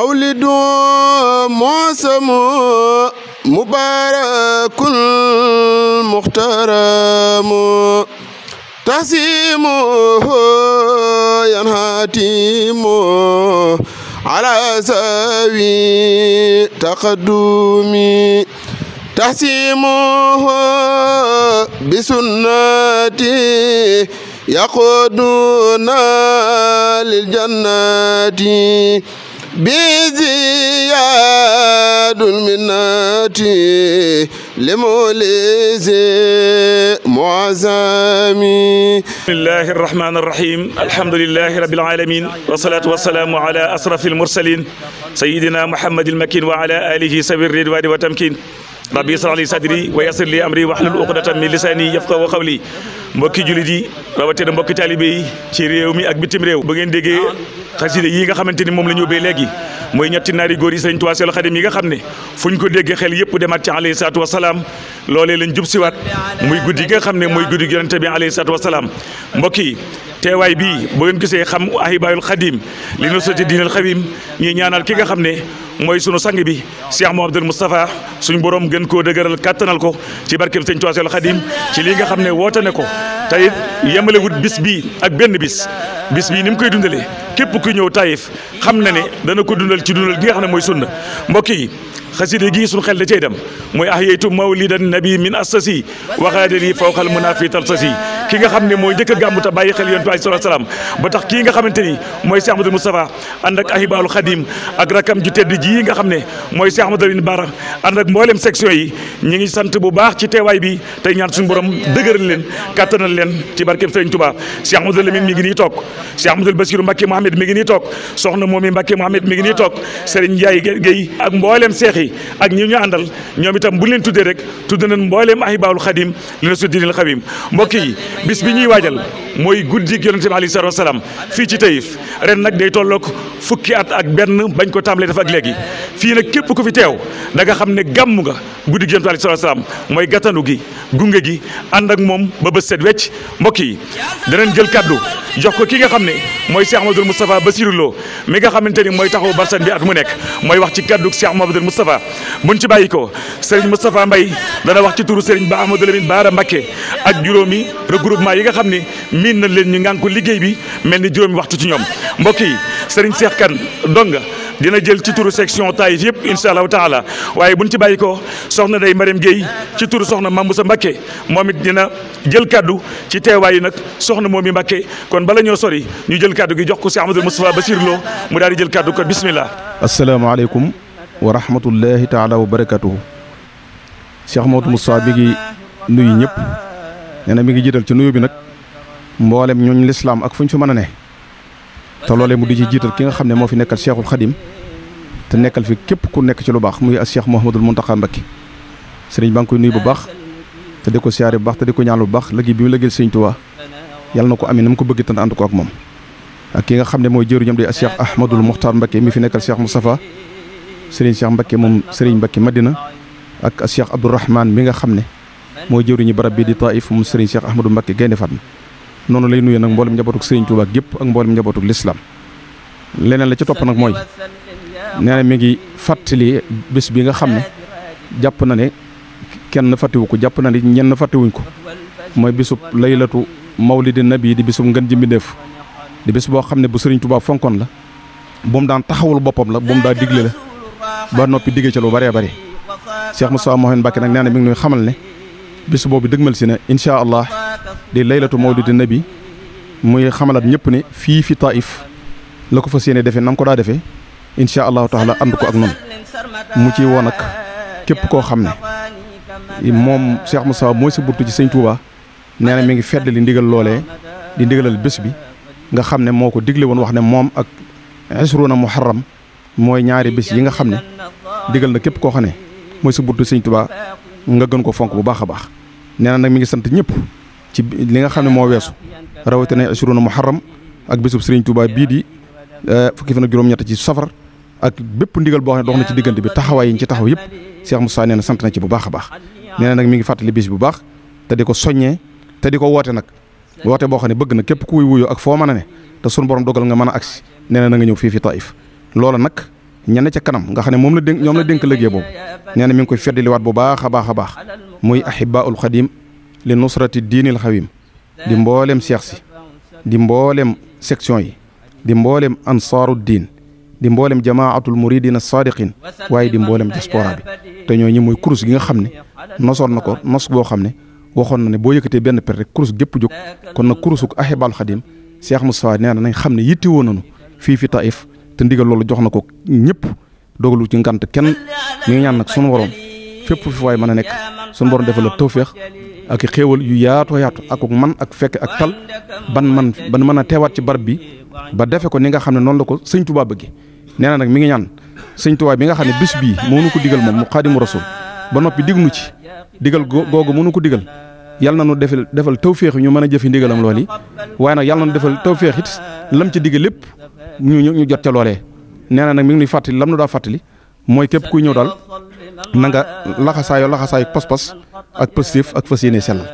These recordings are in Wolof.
مولد موسم مبارك محترم تسيمه ينهاتيم على سوي تقدمي تحسيمه بسنتي يقودنا للجنة بزياد المنات لموليز معزامي بسم الله الرحمن الرحيم الحمد لله رب العالمين والصلاة والسلام على أسرف المرسلين سيدنا محمد المكين وعلى آله سبيل الردوان وتمكين ربي يسر لي صدري ويسر لي امري واحلل عقدة من لساني يفقه قولي مبكي جولي دي رواتي مبكي طالبي تي ريومي اك بتيم ريو بوغين ديغي xaside yi nga xamante ni moom la ñu ubbee léegi mooy ñetti naari góor yi sëriñ Tuubaa Seexul Xadim yi nga xam ne fu ñu ko dégg xel yëpp demaat ci alayhi salaatu wasalaam loolee lañ jub siwaat muy guddi yi nga xam ne mooy guddi yonente bi alayhi salaatu wasalaam mbokk yi téway bi bo ngeen gisee xam ahibaayul khadim li no soti diinal xadim ñi ñaanal ki nga xamné moy sunu sang bi Cheikh mohammed Mouhamadoul mustafa suñu borom gën ko dëgëral katanal ko ci barkeb sëñ Tuubaa khadim ci li nga xamné ne ne ko tey wut bis bi ak benn bis bis bi nim koy dundalé képp ku ñëw Taïf xam na ne dana ko dundal ci dundal gi nga xamné moy sunna mbokk yi xasida gi suñu xel da cay dem mooy ahyaytu mawlidan nabi min assasi waxaadali fawqal munafi talsasi ki nga xam ne mooy njëkk a gàmmu te bàyyi xel yonent bi alayhi salaatu salaam ba tax kii nga xamante ni mooy Cheikh Ahmadou Moustapha ànd ak ahibaalu xadim ak rakam ju tedd ji nga xam ne mooy Cheikh Ahmadou Lamine Bara ànd ak mboolem section yi ñu ngi sant bu baax ci teewaay bi tey ñaan suñu borom dëgëral leen kattanal leen ci barkeb Sëriñ Tuubaa Cheikh Ahmadou Lamine mi ngi nii toog Cheikh Ahmadou Bassirou Mbacké Mohamed mi ngi nii toog soxna moom mi Mbacké Mohamed mi ngi nii toog Serigne Ndiaye Gueye ak mboolem seex yi ak ñi ñu àndal ñoom itam bu leen tuddee rek tudd nañ mbooleem ahibaalu xadim li na su dinil xadim mbokk yi bis bi ñuy waajal mooy guddi yonente bi alayhi fii ci Taïf ren nag day tollook fukki at ak benn bañ ko tàmbalee def ak léegi fii nag képp ku fi teew da nga xam ne gàmm nga guddi gi Yonent bi alayhi salaam mooy gàttanu gi gunge gi ànd ak moom ba bës set wecc mbokk yi danañ jël kàddu jox ko ki nga xam ne mooy Cheikh Mamadou ba Bassirou Lo mi nga xamante ni mooy taxawu barsan bi at mu nekk mooy wax ci kàddu Cheikh Mamadou Moustapha buñ ci bàyyi ko Serigne Moustapha Mbaye dana wax ci turu Serigne Ba Amadou Lamine Baara Mbacké ak juróomi regroupement yi nga xam ni miin na leen ñu ngaan liggéey bi mel ni juróomi waxtu ci ñoom mbokk yi Serigne Cheikh Kane dong dina jël ci turu section Taïf yëpp incha allahu taala waaye buñ ci bàyyi ko soxna day Mariam Guèye ci turu soxna Mamoussa Mbacké moom it dina jël kàddu ci yi nag soxna moom yi Mbacké kon bala ñoo sori ñu jël kaddu gi jox ko si Amadou Moustapha Bassir Lo mu daal di jël kàddu ko bismillah. asalaamaaleykum wa rahmatullahi taala wa barakatuhu Cheikh Mamadou Moustapha bi ñëpp. ñene mi ngi jital ci nuyu bi nak mboolem ñun l'islam ak fuñ fi mëna ne te lolé mu di ci jital ki nga xamné mo fi nekkal cheikhul khadim te nekkal fi képp ku nekk ci lu bax muy cheikh Mouhamadul Mountakha mbaki serigne baa koy nuyu bu bax te diko ko bu bax te diko ko ñaan bu baax liggéey bi mu legel serigne touba yàlla nako amé nam ko bëgg tan ànd ko ak mom ak ki nga xamné moy jëru ñam di cheikh Ahmadul Muxtaar mbaki mi fi nekkal cheikh mustafa serigne cheikh mbaki mom serigne mbaki Madina ak cheikh Abdourahman mi nga xamné mooy jëwriñu barab bi di Taif mu sëriñ Cheikh Ahmadou Mbacké Gaynde Fatma noonu lay nuyu nag mboolem njabootuk sëriñ Touba gépp ak mboolem njabootuk lislaam leneen la ci topp nag mooy nee mi ngi fàttali bés bi nga xam ne jàpp na ne kenn fàttiwu ko jàpp na ne ñenn fàttiwuñ ko mooy bisub laylatu mawlidi nabi di bisub ngën ji mbindéef di bis boo xam ne bu sëriñ Touba fonkoon la bu mu daan taxawul boppam la bu mu daa digle la ba noppi diggee ca lu bëree bëri Cheikh Moustapha Mouhamed Mbacké nag nee mi ngi nuy xamal ne bis bobu deugmal sina insha allah di laylatu mawlidi nabi muy xamalat ñep ne fi fi taif lako fasiyene defé nam ko da defé insha allah taala ànd ko ak non mu ci won ak kep ko xamne mom Cheikh Moussa moy si burtu ci seigne Touba neena mi ngi fedd li ndigal lolé di ndigalal bés bi nga xamne moko digle won wax ne mom ak 20 muharram moy ñaari bés yi nga xamne digal na kep ko xamne moy mooy burtu seigne Touba nga gën ko fonk bu baaxa baax neena nak mi ngi sant ñepp ci li nga xamne mo wessu rawati na 20 muharram ak bisub Serigne Touba bi di eh, fukki fana ak ñatt ci safar ak bepp ndigal bo xamne ne dox na ci diggante bi taxaway yi ci taxaw yépp Cheikh Moussa neena sant na ci bu baaxa baax neena nak mi ngi fatali bis bu baax te diko ko te diko woté nak woté bo xamne bëgg na képp kuy wuyu ak fo mëna né te sun borom dogal nga mëna aksi neena nga ñëw fi fi Taif loolu nak ñane ca kanam nga xam mom la dénk ñom la dénk legge bob nee mi ngi koy wat bu baax a baax muy ahibaul khadim li nusrati dinil khawim di mbollem cheikh si di mbollem section yi di mbollem ansarud din di mbollem jamaatul as sadiqin way di mbollem diaspora bi te ñi muy kurus gi nga xamne nosor nako nos bo xamne waxon na ne bo yëkëté benn per rek kurs gépp juk kon na kursuk ahibaul khadim Cheikh mustafa nee nañ xamne yitti fi Taif te ndigal loolu jox na ko ñëpp dogalu ci ngant kenn mi ngi ñaan nag sunu borom fépp fi waay mën a nekk sunu borom defal la tawféex ak xéewal yu yaatoo yaatu ak man ak fekk ak tal ban man ban mën a teewaat ci barab bi ba defe ko ni nga xam ne noonu la ko sëñ Tuubaa bëgge nee nag mi ngi ñaan sëñ bi nga xam ne bis bii moo nu ko digal moom mu xaadimu rasul ba noppi dignu ci digal googu mënu ko digal yàlla na nu defal defal tawféex ñu mën a jëfi ndigalam lool yi waaye na nu defal tawféex it lam ci digal lépp ñu ñëw ñu jot ca loolee. nee na nag mi ngi ñuy fàttali lam nu daa fàttali mooy képp kuy ñëw daal na nga laxasaayoo laxasaayu pas-pas ak positif ak fas yéene sellal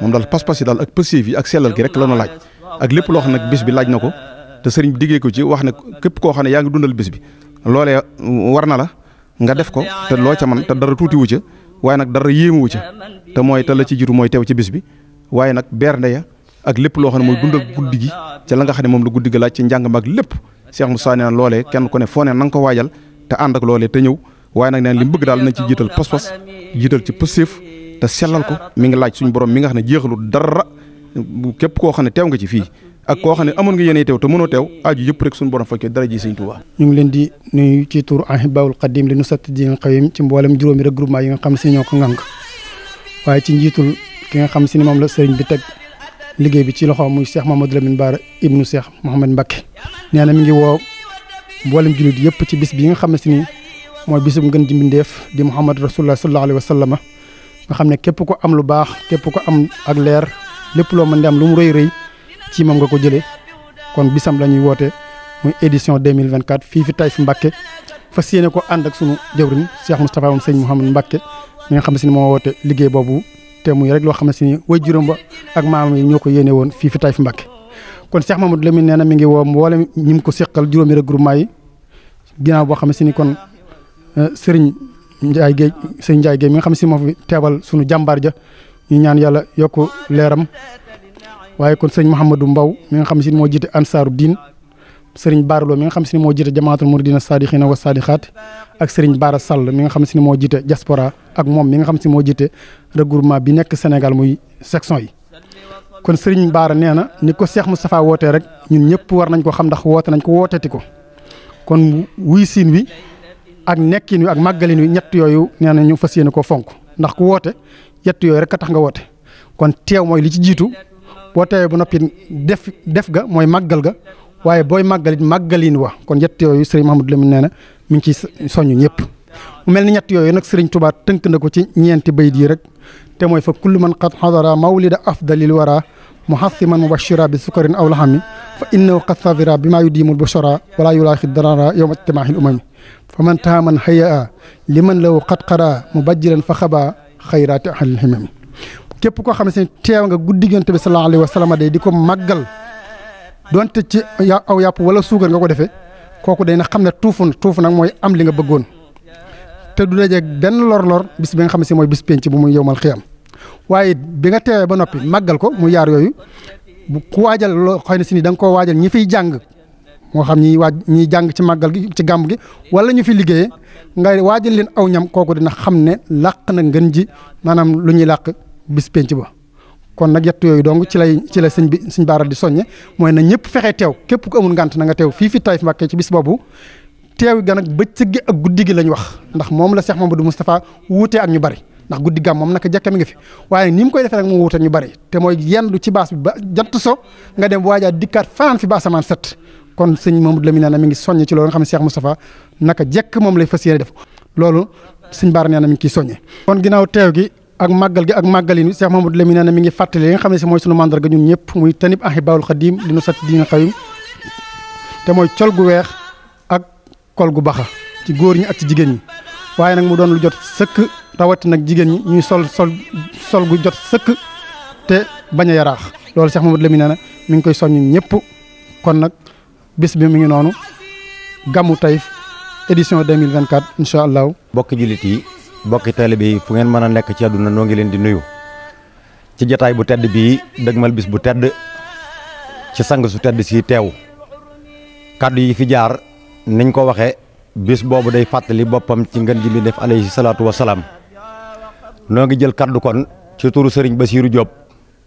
moom daal pas-pas yi daal ak positif yi ak sellal gi rek la ñu laaj ak lépp loo xam ne bis bi laaj na ko te sëriñ bi diggee ko ci wax ne képp koo xam ne yaa ngi dundal bis bi loolee war na la nga def ko te loo ca man te dara tuutiwu ca waaye nag dara yéemuwu ca te mooy te la ci jiitu mooy teew ci bis bi waaye nag bernde ya ak lépp loo xam ne mooy dund ak eh, guddi gi eh, ca la nga xam ne moom la guddi gi laaj ci njàng maag lépp Cheikh Moussa nee na loolee kenn ku ne foo ne ko waajal te ànd ak loolee te ñëw waaye nag neen li bëgg daal nañ ci jiital pas-pas jital ci pësséef te sellal ko mi ngi laaj suñu borom mi nga xam ne jeexalu dara képp koo xam ne teew nga ci fii ak koo xam ne nga yéene teew te mënoo teew aaju yëpp rek suñu borom fakkee dara ji sëñ Tuubaa ñu ngi leen di nuyu ci tur Ahibahil Khadim li xawim ci yi nga xam ci ki nga xam la bi liggéey bi ci loxoom muy Cheikh Mamadou Lamine Bara ibnu Cheikh Mouhamed Mbacké nee na mi ngi woo mboolem jullit yëpp ci bis bi nga xam ne si nii mooy bisum gën di mbindeef di Muhammad Rasulullah sallallahu alayhi wa sallam nga xam ne képp ko am lu baax képp ko am ak leer lépp loo mën di am lu mu rëy rëy ci moom nga ko jëlee kon bisam la ñuy woote muy édition 2024 fii fi Taif mbakke fas yéene ko ànd ak sunu jëwriñ Cheikh Moustapha moom sëñ Mouhamed mbakke mi nga xam ne si moo woote liggéey boobu te muy rek loo xam ne si ni way juróom ba ak maam yi ñoo ko yéene woon fii fi Taif Mbacké kon Cheikh Mamadou Lamine nee na mi ngi woo mboolem ñi mu ko seqal juróomi regroupement yi ginnaaw boo xam ne si ni kon euh, sëriñ Ndiaye Guèye sëriñ Ndiaye mi nga xam si moo fi teebal sunu jàmbaar ja ñu ñaan yàlla yokk leeram waaye kon sëriñ Mouhamadou Mbaw mi nga xam si moo jiite ansaaru diin sëriñ Baara Lo mi nga xam si ne moo jiite jamaatul muridina saadixina wa saadixaat ak sëriñ Baara Sall mi nga xam si ne moo jiite diaspora ak moom mi nga xam si moo jiite regroupement bi nekk senegal muy section yi. kon sëriñ Baara nee na ni ko mu safaa wootee rek ñun ñëpp war nañ ko xam ndax woote nañ ko wooteti ko kon wuy siin wi ak nekkin wi ak màggalin wi ñett yooyu nee na ñu fas yéene ko fonk ndax ku woote ñett yooyu rek a tax nga woote kon teew mooy li ci jiitu boo teewee ba noppi def def ga mooy màggal ga. waaye booy màggalit màggalin wa kon ñett yooyu sëriñ Mahamadou Lamine nee na mi ngi ciy soññ ñëpp mu mel ni ñett yooyu nag sëriñ Tuubaa tënk na ko ci ñeenti bayit yi rek te mooy fa kullu man qad xadara mawlida afdalil wara muhassiman mubashira bi sukarin aw laxami fa innahu qad safira bi maa yudimul bushara wala yulaaxi darara yowma ijtimaahil umami fa man taaman hayaa liman law qad qara mubajjiran fa xaba xayraati ahlil himami képp koo xam ne teew nga guddi Yonent bi sallallahu alayhi wa sallam day di ko màggal donte ci aw yàpp wala suukar nga ko defee kooku day na xam ne tuufu na tuufu nag mooy am li nga bëggoon te du dajeeg benn lor-lor bis bi nga xam ne si mooy bis penc bu muy yowmal xiyam waaye bi nga teewee ba noppi màggal ko mu yaar yooyu bu ku waajal loo xëy na si ni danga nga koo waajal ñi fiy jàng moo xam ñiy waaj ñiy jàng ci màggal gi ci gàmm gi wala ñu fi liggéeyee nga waajal leen aw ñam kooku dina xam ne làq na ngën ji maanaam lu ñuy làq bis penc ba. kon nag yett yooyu donc ci lay ci la sëñ bi sëñ baara di soññe mooy na ñëpp fexe teew képp ku amul ngànt na nga teew fii fi Taif Mbàkke ci bis boobu teew gan nag bëccëg gi ak guddi gi lañ wax ndax moom la Cheikh Mamadou Moustapha wuutee ak ñu bari ndax guddi gam moom naka jekka mi ngi fi waaye ni mu koy defee nag mu wuute ñu bari te mooy yendu ci baas bi ba jant so nga dem waajaa dikkaat fanaan fi baasamaan set kon sëñ Mamadou Lamine nee na mi ngi soññe ci loolu nga xam ne Cheikh Moustapha naka jekk moom lay fas yéene def loolu sëñ baara nee na mi ngi ciy soññe kon ginnaaw teew gi ak màggal gi ak màggalin wi Cheikh Mamadou Lamine nee na mi ngi fàttali li nga xam ne si mooy sunu mandarga ñun ñëpp muy tanib ahibaawul xadim li nu sat di nga xawim te mooy col gu weex ak col gu baxa ci góor ñi ak ci jigéen ñi waaye nag mu doon lu jot sëkk rawati nag jigéen ñi ñuy sol sol sol gu jot sëkk te bañ a yaraax loolu Cheikh Mamadou Lamine nee na mi ngi koy soññ ñëpp kon nag bis bi mi ngi noonu gàmmu Taïf édition 2024 incha allah. mbokki jullit yi. bokki taalibe yi fu ngeen mën a nekk ci àdduna noo ngi leen di nuyu ci jataay bu tedd bii mal bis bu tedd ci sang su tedd si teew kàddu yi fi jaar niñ ko waxee bis boobu day fàttali boppam ci ngën ji bi def alayhi salaatu wasalaam noo ngi jël kàddu kon ci turu sëriñ Basiiru Jóob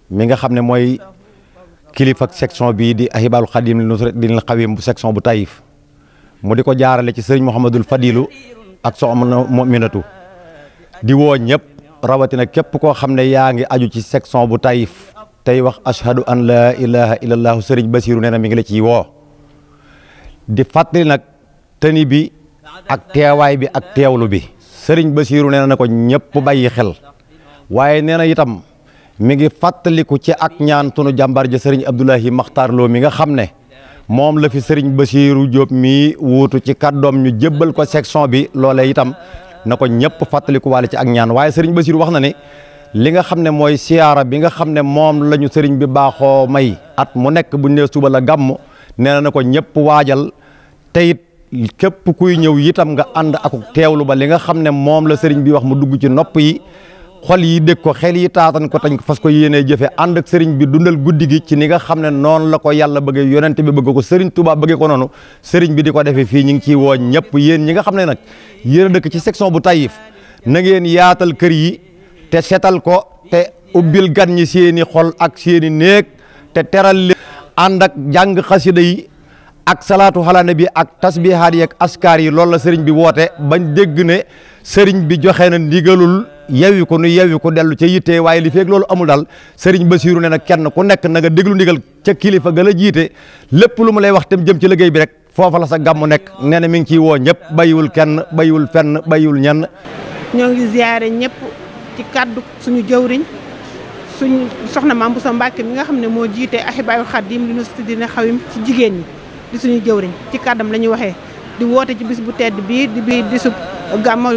mi nga xam ne mooy kilifa section bii di ahibaalu xadim li nusrat dinil xawim bu section bu tayif mu di ko jaarale ci sëriñ Mouhamadul Fadilu ak soxna Muminatu di wo ñep rawatina képp koo xam ne aju ci section bu taif tay wax ashhadu an la ilaha illallah sëriñ Basiru neena mi ngi la ci wo di fatali nak tëni bi ak teway bi ak tewlu bi sëriñ Basiru neena na ko ñëpp bàyyi xel waye neena itam mi ngi ku ci ak ñaan tunu jambar ja sëriñ abdullah Makhtar Lo mi nga xamne mom la fi Basiru job mi wootu ci kaddom ñu jébbal ko section bi lolé itam na ko ñëpp fàttaliku waale ci ak ñaan waaye sëriñ Basiir wax na ni li nga xam ne mooy siyaara bi nga xam ne moom la ñu sëriñ bi baaxoo may at mu nekk bu ñu suba la gàmm nee na ko ñëpp waajal teyit képp kuy ñëw yitam nga ànd ak teewlu ba li nga xam ne moom la sëriñ bi wax mu dugg ci nopp yi xol yi dégg ko xel yi taatan ko tañ ko fas ko yéenee jëfe ànd ak sëriñ bi dundal guddi gi ci ni nga xam ne noonu la ko yàlla bëggee yonente bi bëgg ko sëriñ Touba bëggee ko noonu sëriñ bi di ko defee fii ñu ngi ciy woo ñëpp yéen ñi nga xam ne nag yéen dëkk ci section bu Taïf na ngeen yaatal kër yi te setal ko te ubbil gan ñi seeni xol ak seeni néeg te teral leen ànd ak jàng xasida yi ak salaatu ala bi ak tasbihaat yi ak askar yi loolu la sëriñ bi woote bañ dégg ne sëriñ bi joxe na ndigalul yewwi ko nu yewwi ko dellu ca yitte waaye li feeg loolu amul daal Serigne Bassirou ne nag kenn ku nekk naga nga déglu ndigal ca kilifa ga la jiite lépp lu mu lay wax tam jëm ci liggéey bi rek foofa la sa gammu nekk nee na mi ngi ciy woo ñëpp bayiwul kenn bayiwul fenn bayiwul ñenn. ñoo ngi ziare ñëpp ci kaddu suñu jëwriñ suñu soxna Mame Bousso Mbacké mi nga xam ne moo jiite Ahibaahil Khadim li nu dina xawim ci jigéen ñi di suñu jëwriñ ci kaddam la waxee di woote ci bis bu tedd bii di bii di sub gàmmu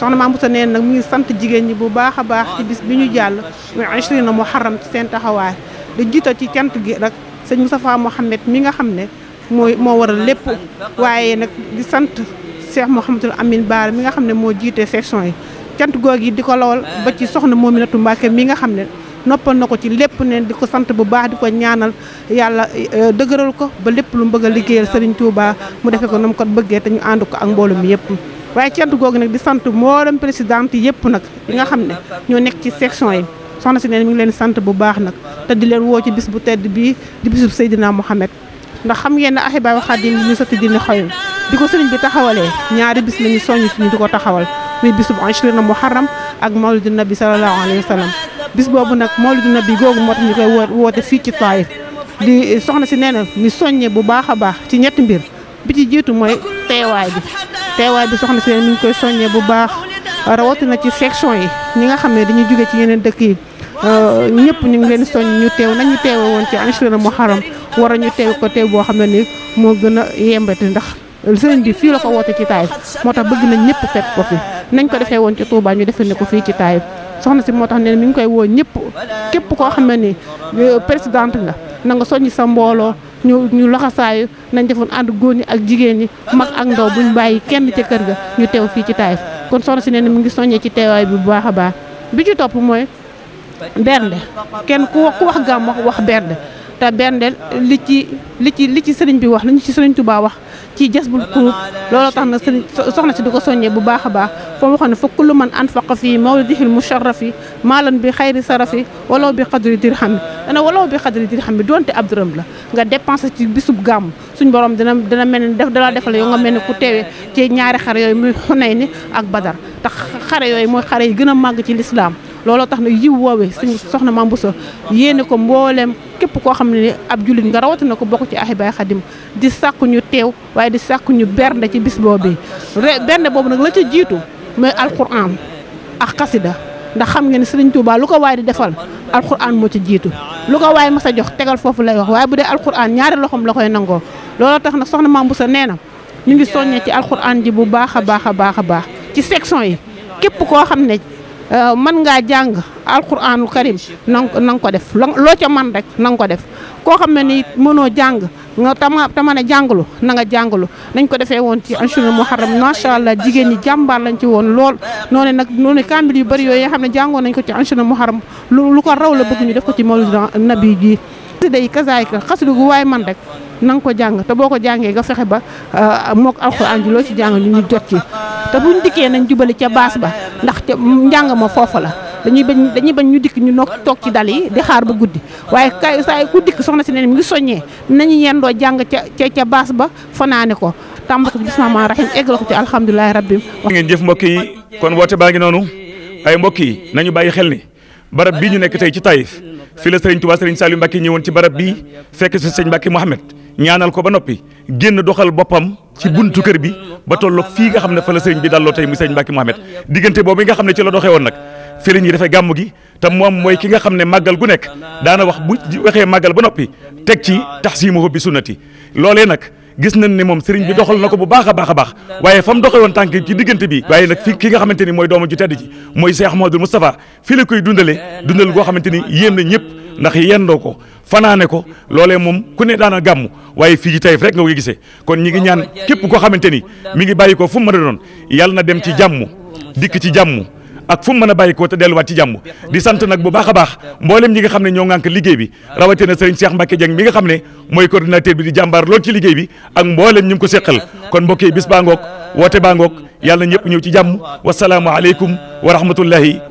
soxna Maam Bousso neen nag mu ngi sant jigéen ñi bu baax a baax ci bis bi ñu jàll muy Ashrina Muharram ci seen taxawaay di jiital ci cant gi rek sëñ Moustapha Mohamed mi nga xam ne mooy moo waral lépp waaye nag di sant Cheikh Mouhamadul Amin Baar mi nga xam ne moo jiite section yi cant goog yi di ko lawal ba ci soxna Mominatou Mbacke mi nga xam ne noppal na ko ci lépp ne di ko sant bu baax di ko ñaanal yàlla euh, dëgëral ko ba lépp lu mu bëgg a liggéeyal Serigne Touba mu defee ko na mu ko bëggee te ñu ànd ko ak mbooloo mi yëpp. waaye cant googu nag di sant moo mboolem présidente yëpp nag yi nga xam ne ñoo nekk ci section yi soxna si neen mi ngi leen sant bu baax nag te di leen woo ci bis bu tedd bii di bisub Seydina Mouhamed ndax xam ngeen ne Ahibahil Khadim ñu sotti dina xoyul di ko sëriñ bi taxawalee ñaari bis lañu soññ ci ñu di ko taxawal muy bisub Ashriina Muharram ak Mawlidu Nabi sallallahu alayhi wa sallam bis boobu nag Mawlidu Nabi googu moo tax ñu koy woote fii ci Taif di soxna si nee na mi soññe bu baax a baax ci ñetti mbir bi ci jiitu mooy teewaay bi teewaay bi soxna si ne ñu ngi koy soññee bu baax rawatina ci section yi ñi nga xam ne dañuy jóge ci yeneen dëkk yi euh, ñëpp ñu ngi leen soññ ñu teew nañu teewe woon ci Achoura Muharram war a ñu teew ko teew boo xam ne ni moo gën a yembati ndax sëriñ bi fii la ko woote ci taay moo tax bëgg nañ ñëpp fekk ko fi nañ ko defee woon ci Touba ñu defe ne ko fii ci taay soxna si moo tax ne mi ngi koy woo ñëpp képp koo xam ne ni euh, présidente nga na nga soññ sa mbooloo ñu ñu laxasaayu nañ defoon ànd góor ñi ak jigéen ñi mag ak ndaw buñ bàyyi kenn ca kër ga ñu teew fii ci Taif kon soxna si ne mu ngi soññee ci teewaay bi bu baax a baax bi ci topp mooy bernde kenn ku wax ku wax gàmm wax wax bernde te bernde li ci li ci li ci sëriñ bi wax li ñu ci sëriñ Tuubaa wax ci jasbul kuruub looloo tax na sëriñ soxna si di ko soññee bu baax a baax foo mu waxoon ne fa kullu man anfaqa fii mawlidihil musharrafi maalan bi xayri sarafi walaw bi xadri dirhami dana walaw bi xadri dirhami donte ab dërëm la nga dépensé ci bisub gàmm suñ borom dina dina mel ni def dala defal yow nga mel ni ku teewee ci ñaari xare yooyu muy xunay ni ak badar tax xare yooyu mooy xare yi gën a màgg ci lislaam looloo tax na yiw woowee suñu soxna maam bu so yéene ko mbooleem képp koo xam ne ni ab jullit nga rawatina ko bokk ci Ahibahil Khadim di sàkku ñu teew waaye di sàkku ñu bernde ci bis boobee bernde boobu nag la ca jiitu mooy alquran ax xasida ndax xam ngeen ne Sëriñ Tuubaa lu ko waay di defal alquran moo ci jiitu lu ko waay mas a jox tegal foofu lay wax waaye bu dee alquran ñaari loxoom loxooy koy nangoo looloo tax na soxna Mame Bousso nee na ñu ngi soññee ci alquran ji bu baax a baax a baax a baax ci section yi képp koo xam ne Euh, man ngaa jàng alquranul karim na nga ko def loo ca man rek na nga ko def koo xam ne nii mënoo jàng nga tama tama ne jàngalu na nga jàngalu nañ ko defee woon ci anshurul muharram macha allah jigéen ñi jàmbaar lañ ci woon lool noone nag noonu kaamil yu bëri yooyu nga xam ne jàngoon nañ ko ci anshurul muharram lu ko raw la bëgg ñu def ko ci mawlid nabi ji xasida yi kasaayka xasida gu waaye man rek na nga ko jàng te boo ko jàngee nga fexe ba euh, mook alquran ji loo ci jàng ñu jot ci te buñ dikkee nañ jubali ca baas ba ndax ca njàng ma foofu la dañuy bañ dañuy bañ ñu dikk ñu no toog ci dal yi di xaar ba guddi waaye kay saa ku dikk soxna si ne mi ngi soññee nañu yendoo jàng ca ca ca baas ba fanaane ko tàmbali ko ci bismillah rahim eggal ko ci alhamdulilahi rabbim ngeen jëf mbokk yi kon woote baa ngi noonu ay mbokk yi nañu bàyyi xel ni barab bii ñu nekk tey ci Taïf fii la Serigne Touba Serigne Saliou ñëwoon ci barab bi fekk si Serigne Mbacké Mouhamed ñaanal ko ba noppi génn doxal boppam ci buntu kër bi ba tolloog fii nga xam ne fa la sëñ bi dalloo tey muy sëñ Mbacke Mouhamed diggante boobu nga xam ne ci la doxee woon nag fi la ñuy defee gàmm gi te moom mooy ki nga xam ne maggal gu nekk daana wax bu waxee màggal ba noppi teg ci taxsimuhu bi sunnati loolee nag gis nañ ni moom sëriñ bi doxal na ko bu baax a baax a baax waaye fa mu doxee woon tànk ci diggante bi waaye nag fi ki nga xamante ni mooy doomu ju tedd ji mooy Cheikh Ahmadou Moustapha fii la koy dundale dundal goo xamante ni yéem na ñëpp ndax yendoo ko fanaane ko loolee moom ku ne daana gàmm waaye fii ci Taïf rek nga koy gisee kon ñi ngi ñaan képp koo xamante ni mi ngi bàyyi ko fu mu de a doon yàlla na dem ci jàmmu dikk ci jàmmu ak fu mu mën a bàyyi ko te delluwaat ci jàmm di sant nag bu baax a baax mboolem ñi nga xam ne ñoo ngànk liggéey bi rawatina sëriñ Cheikh Mbacke Dieng mi nga xam ne mooy coordinateur bi di jàmbaar lool ci liggéey bi ak mboolem ñu ngi ko seqal kon mbokk yi bis baa ngoog woote baa ngoog yàlla ñëpp ñëw ci jàmm wasalaamu aleykum wa rahmatullahi